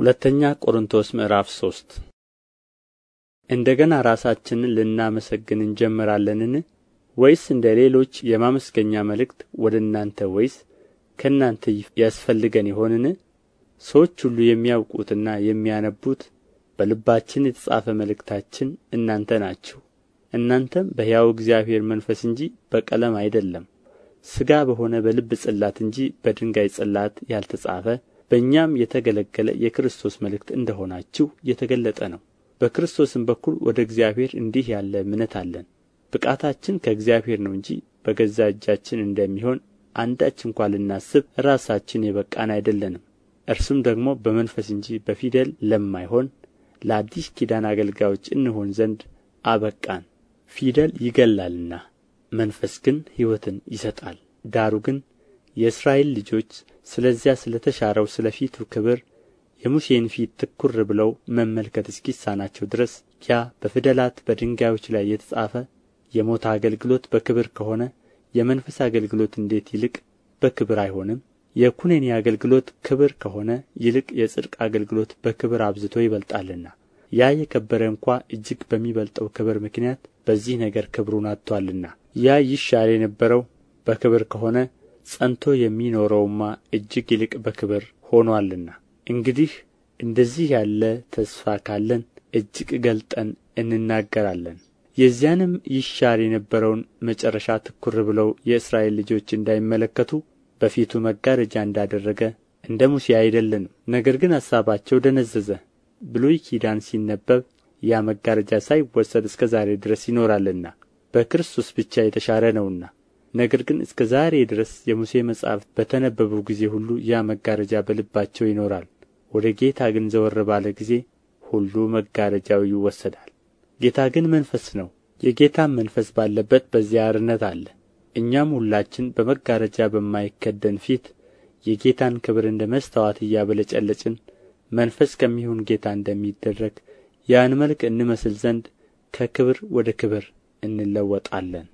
ሁለተኛ ቆሮንቶስ ምዕራፍ ሶስት እንደገና ራሳችንን ልናመሰግን እንጀምራለንን? ወይስ እንደ ሌሎች የማመስገኛ መልእክት ወደ እናንተ ወይስ ከእናንተ ያስፈልገን ይሆንን? ሰዎች ሁሉ የሚያውቁትና የሚያነቡት በልባችን የተጻፈ መልእክታችን እናንተ ናችሁ። እናንተም በሕያው እግዚአብሔር መንፈስ እንጂ በቀለም አይደለም፣ ሥጋ በሆነ በልብ ጽላት እንጂ በድንጋይ ጽላት ያልተጻፈ በእኛም የተገለገለ የክርስቶስ መልእክት እንደ ሆናችሁ የተገለጠ ነው በክርስቶስም በኩል ወደ እግዚአብሔር እንዲህ ያለ እምነት አለን ብቃታችን ከእግዚአብሔር ነው እንጂ በገዛ እጃችን እንደሚሆን አንዳች እንኳ ልናስብ ራሳችን የበቃን አይደለንም እርሱም ደግሞ በመንፈስ እንጂ በፊደል ለማይሆን ለአዲስ ኪዳን አገልጋዮች እንሆን ዘንድ አበቃን ፊደል ይገላልና መንፈስ ግን ሕይወትን ይሰጣል ዳሩ ግን የእስራኤል ልጆች ስለዚያ ስለ ተሻረው ስለ ፊቱ ክብር የሙሴን ፊት ትኩር ብለው መመልከት እስኪሳናቸው ድረስ ያ በፊደላት በድንጋዮች ላይ የተጻፈ የሞት አገልግሎት በክብር ከሆነ የመንፈስ አገልግሎት እንዴት ይልቅ በክብር አይሆንም? የኵነኔ አገልግሎት ክብር ከሆነ ይልቅ የጽድቅ አገልግሎት በክብር አብዝቶ ይበልጣልና። ያ የከበረ እንኳ እጅግ በሚበልጠው ክብር ምክንያት በዚህ ነገር ክብሩን አጥቶአልና። ያ ይሻር የነበረው በክብር ከሆነ ጸንቶ የሚኖረውማ እጅግ ይልቅ በክብር ሆኖአልና እንግዲህ እንደዚህ ያለ ተስፋ ካለን እጅግ ገልጠን እንናገራለን የዚያንም ይሻር የነበረውን መጨረሻ ትኵር ብለው የእስራኤል ልጆች እንዳይመለከቱ በፊቱ መጋረጃ እንዳደረገ እንደ ሙሴ አይደለንም ነገር ግን ሐሳባቸው ደነዘዘ ብሉይ ኪዳን ሲነበብ ያ መጋረጃ ሳይወሰድ እስከ ዛሬ ድረስ ይኖራልና በክርስቶስ ብቻ የተሻረ ነውና ነገር ግን እስከ ዛሬ ድረስ የሙሴ መጻሕፍት በተነበቡ ጊዜ ሁሉ ያ መጋረጃ በልባቸው ይኖራል። ወደ ጌታ ግን ዘወር ባለ ጊዜ ሁሉ መጋረጃው ይወሰዳል። ጌታ ግን መንፈስ ነው፣ የጌታም መንፈስ ባለበት በዚያ አርነት አለ። እኛም ሁላችን በመጋረጃ በማይከደን ፊት የጌታን ክብር እንደ መስተዋት እያበለጨለጭን መንፈስ ከሚሆን ጌታ እንደሚደረግ ያን መልክ እንመስል ዘንድ ከክብር ወደ ክብር እንለወጣለን።